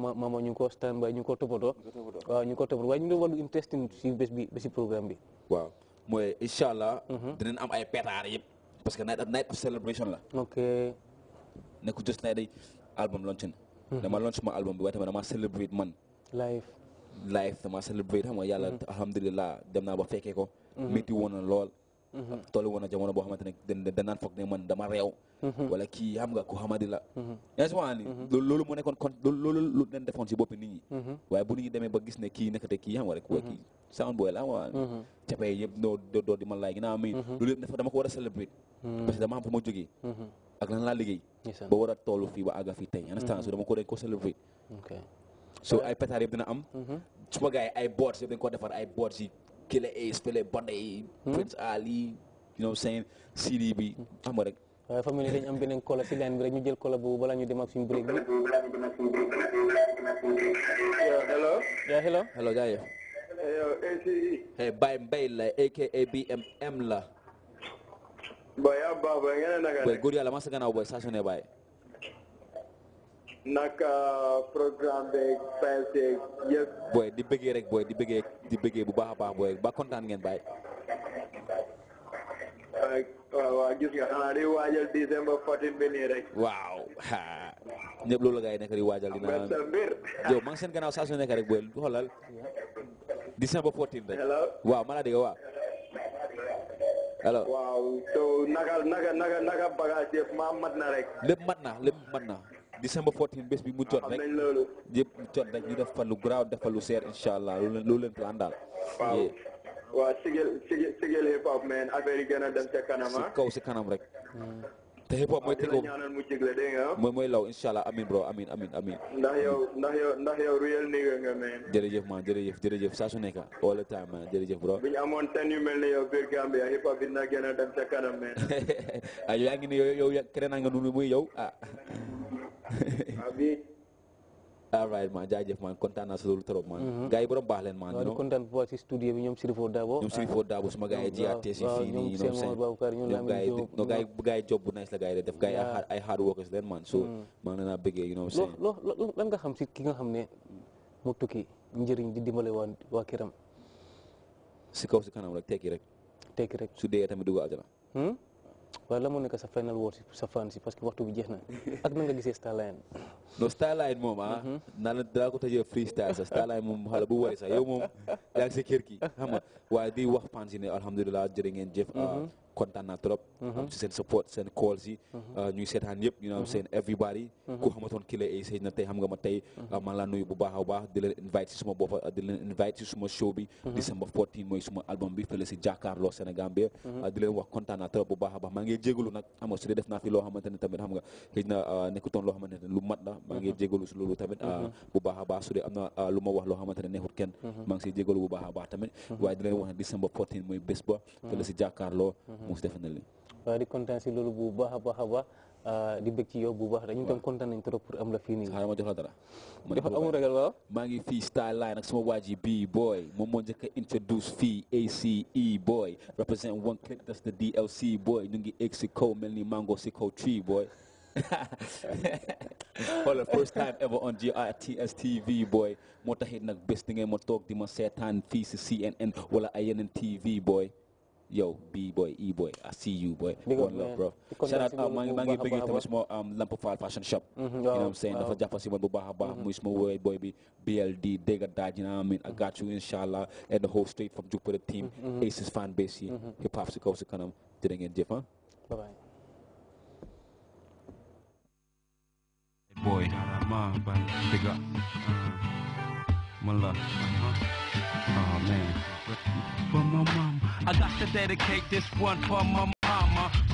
maama ñu ngi ko stand by ñu ngi ko toppatoo waaw ñu ngi ko toppatoo waaye ñu ngi doon wàllu interesting si programme bi waaw mooy incha allah mhm. dinañ am ay pétard yëpp parce que night night celebration la ok nekku just night day album launching mhm. dama launch ma album bi waaye tamit dama celebrate man live live dama celebrate xam nga yàlla mhm. dem naa ba fekkee ko métti lool toll woon na jamono boo xamante dama réew wala kii xam nga ku xamadi la loolu moo nekkoon loolu lu defoon si boppi nit ñi waaye bu nit ñi demee ba gis ne kii nekkate kii xam nga rek waa kii sound boy la cape yëpp ma laaj ginnaaw mi loolu yëpp dafa dama ko war a parce que dama a toll fii am suma gars yi ay board yëpp dañ ko defar ay board yi Killer Ace fële Bondey. Hmm? Prince Ali you know saying CD bi xam nga rek. waaye fa mu ne dañu am beneen kola si line bi rek ñu jël kola boobu balaa ñu dem ak suñu break bi. hello. yaa hello. hello jaajëf. yow ACE. hey Baye Mbaye la aka BMM la. booy yaa baax booy ngeen ne naka la. booy góor sa gannaaw booy naka program beeg fans yeeg yëpp. booy di bëggee rek booy di bëggee di bëggee bu baax a baax booy ba kontaan ngeen bàyyi. waaw gis nga xanaa di waajal décembre 14 bi nii rek. waaw ñëpp loolu la gars di waajal dina. am na mbir yow maa ngi seen gannaaw saa su nekk rek booy xoolal décembre 14 rek. waaw ma la dégg waaw. alors waaw so naga naga naga naga bagage yëpp maa mat na rek. lépp mat December 14 besi bi mu jot rek yëpp jot rek ñu def fa lu garaaw def fa lu seer allah loolu leen plan daal. waaw waaw sigil hip hop man affaire yi dem ca kanam si ah. kaw kanam rek. Hmm. te hip hop mooy tegoo mooy law incha allah amin bro amin amin amin. ndax yow ndax yow ndax yow real nigga nga man. jërëjëf ma jërëjëf jërëjëf saa su nekk all the time man jërëjëf bro. bu ñu ten yu mel yow biir Gambia hip hop dina dem kanam man. ah yaa ni yow yow keneen nga nu yow ah. all right man jaajëf man kontaan naa si loolu trop man mm-hmm. gars yi borom baax leen man ñu kontaan bu baax si studio bi ñoom Sirifo Dabo ñoom Sirifo ah. Dabo suma gars yi jiyaatee si fii nii ñoom seen ñoom gars yi no gars yi gars yi job bu nice la gars yi de def gars yi ay hard workers leen man so maa ngi leen a bëggee you know seen loo loo lan nga xam si ki nga xam ne mu tukki njëriñ di dimbale waa waa kiram si kaw si kanam rek tekki rek tekki rek su dee tamit dugg aljana hmm? wala la nek sa final word sa fan si parce que waxtu bi jeex na ak na nga gisee Starline non Starline mom ah na la daa ko tëjee freestyle sa Starline mom xala bu way sa yow mom yaa ngi si kër gi xam wa di wax fan si ne alhamdulilah jërë ngeen jëf content na trop am ci sen support sen call ci ñuy seetaan yëpp ñu sen everybody ku xamaton kii la ay sey na tay xam nga ma tay man la nuyu bu baax a baax di leen invite ci suma bofa di leen invite ci suma show bi mhm. December 14 moy suma album bi ci si lo Sénégal bi mhm. ah, di leen wax content na trop bu baax a ma ngi jégalu nag xam def naa fi loo xamante tamit xam nga xëy na nekkutoon loo lu mat la maa ngi jégalu si loolu tamit bu baax baax su wax ngi bu baax tamit di wax 14 mooy bés ba te la na li di kontaan si loolu bu baax Euh, di bëgg ci yow bu baax dañu tam kontaan nañ trop pour am la fi nii. xaaral ma jox la dara. jox amul maa ngi fii style line ak sama waa ji bii boy moom moo njëkk a introduce fii ACE boy represent one click that's the DLC boy ñu ngi egg si kaw mel ni mango si kaw tree boy. for the first time ever on GRTS TV boy moo taxit nag bés di ngeen ma toog di ma seetaan fii si CNN wala ay yeneen TV boy. yo B boy, E boy, I see you boy. Big One love, bro. Shout out um, mangi mangi biggie tamit mo um Lamp of Fashion Shop. Mm-hmm. You know what I'm saying? Dafa japp ci man bu baaxa baax muy sama way boy bi BLD Dega Daj, you know what I mean? I got you inshallah and the whole straight from Jupiter team, mm-hmm. Mm-hmm. Aces fan base yi. Hip hop ci kaw ci kanam. Jërë ngeen Bye bye. Boy, ma ban bigga. Mala. Oh man. But my mom I got to dedicate this one for my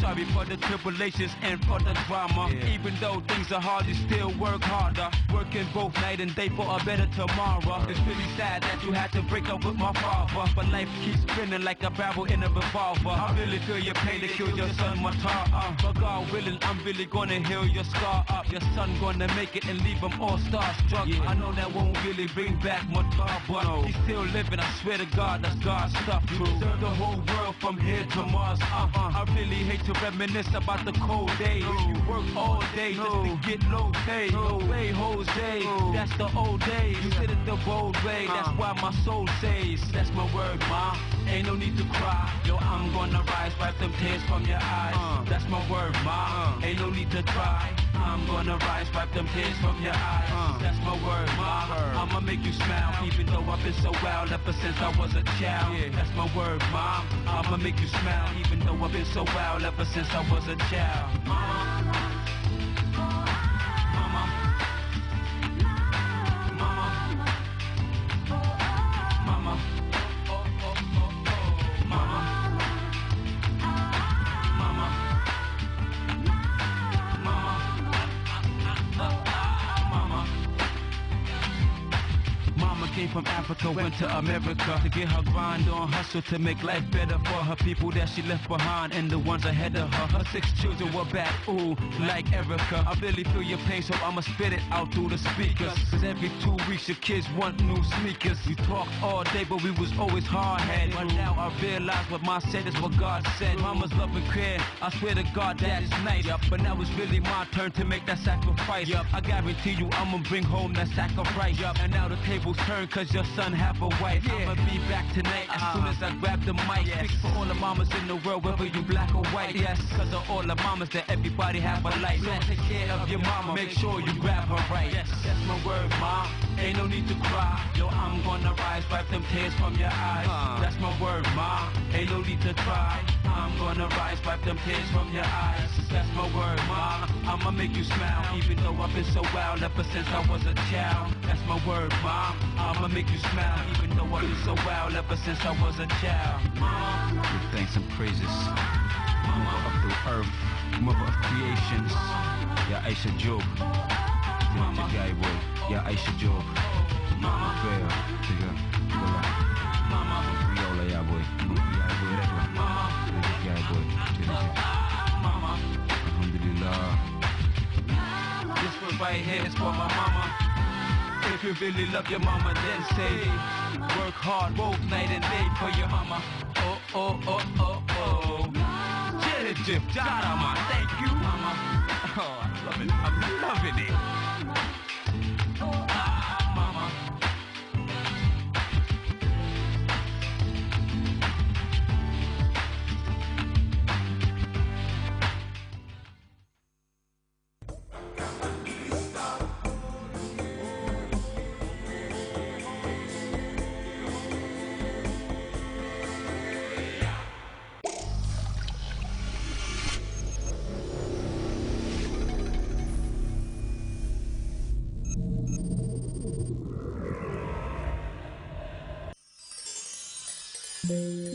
Sorry for the tribulations and for the drama. Yeah. Even though things are hard, you still work harder. Working both night and day for a better tomorrow. It's really sad that you had to break up with my father. But life keeps spinning like a barrel in a revolver. I really feel your pain to kill your son, my tar. Uh. But God willing, I'm really gonna heal your scar up. Your son gonna make it and leave him all starstruck. Yeah. I know that won't really bring back my tar, but no. he's still living. I swear to God, that's God's stuff. True. Serve the whole world from here to Mars. Uh, I really hate to reminisce about the cold days. No. You work all day no. just to get low pay. No, no way, Jose, no. that's the old days. You sit in the bold way, that's uh-huh. why my soul says. That's my word, ma. Ain't no need to cry. Yo, I'm gonna rise, wipe them tears from your eyes. Uh. That's my word, ma. Uh. Ain't no need to cry. I'm gonna rise, wipe them tears from your eyes. Uh, That's my word, ma. Word. I'ma make you smile, even though I've been so wild ever since I was a child. Yeah. That's my word, ma. I'ma make you smile, even though I've been so wild ever since I was a child. Mom. from Africa went to America to get her grind on, hustle to make life better for her people that she left behind and the ones ahead of her. Her six children were back, ooh, like Erica. I really feel your pain, so I'ma spit it out through the speakers. Cause every two weeks your kids want new sneakers. We talked all day, but we was always hard-headed. But now I realize what my said is what God said. Mama's love and care, I swear to God that is nice. But now it's really my turn to make that sacrifice. I guarantee you I'ma bring home that sacrifice. And now the tables turn cause does your son have a wife? Yeah. I'ma be back tonight as uh, soon as I uh-huh. grab the mic. Yes. Speak for all the mamas in the world, whether you black or white. Yes. Cause of all the mamas that everybody have a life. So take care of your mama, make sure you grab her right. Yes. That's my word, ma. Ain't no need to cry. Yo, I'm gonna rise, wipe them tears from your eyes. Uh. That's my word, ma. Ain't no need to cry. I'm gonna rise, wipe them tears from your eyes. That's my word, ma. I'ma make you smile, even though I've been so wild ever since I was a child. That's my word, mom. I'ma make you smile, even though I've been so wild ever since I was a child. Give thanks and praises, mother of the earth, mother of creations. Ya Aisha Job, Mama Gaibo, Ya Aisha Job, Mama Fair, Tiga, Gola, Mama Riola Yaboy, Yaboy Mama Gaibo, Mama Alhamdulillah fight hands for my mama. If you really love your mama, then say Work hard both night and day for your mama. Oh, oh, oh, oh, oh. Jelly Jim da thank you, mama. Oh, i love it. I'm loving it. Thank you.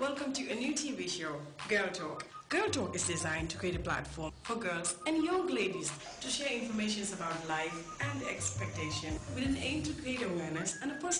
welcome to a new TV show, Girl Talk. Girl Talk is designed to create a platform for girls and young ladies to share information about life and expectation with an aim to create awareness and a positive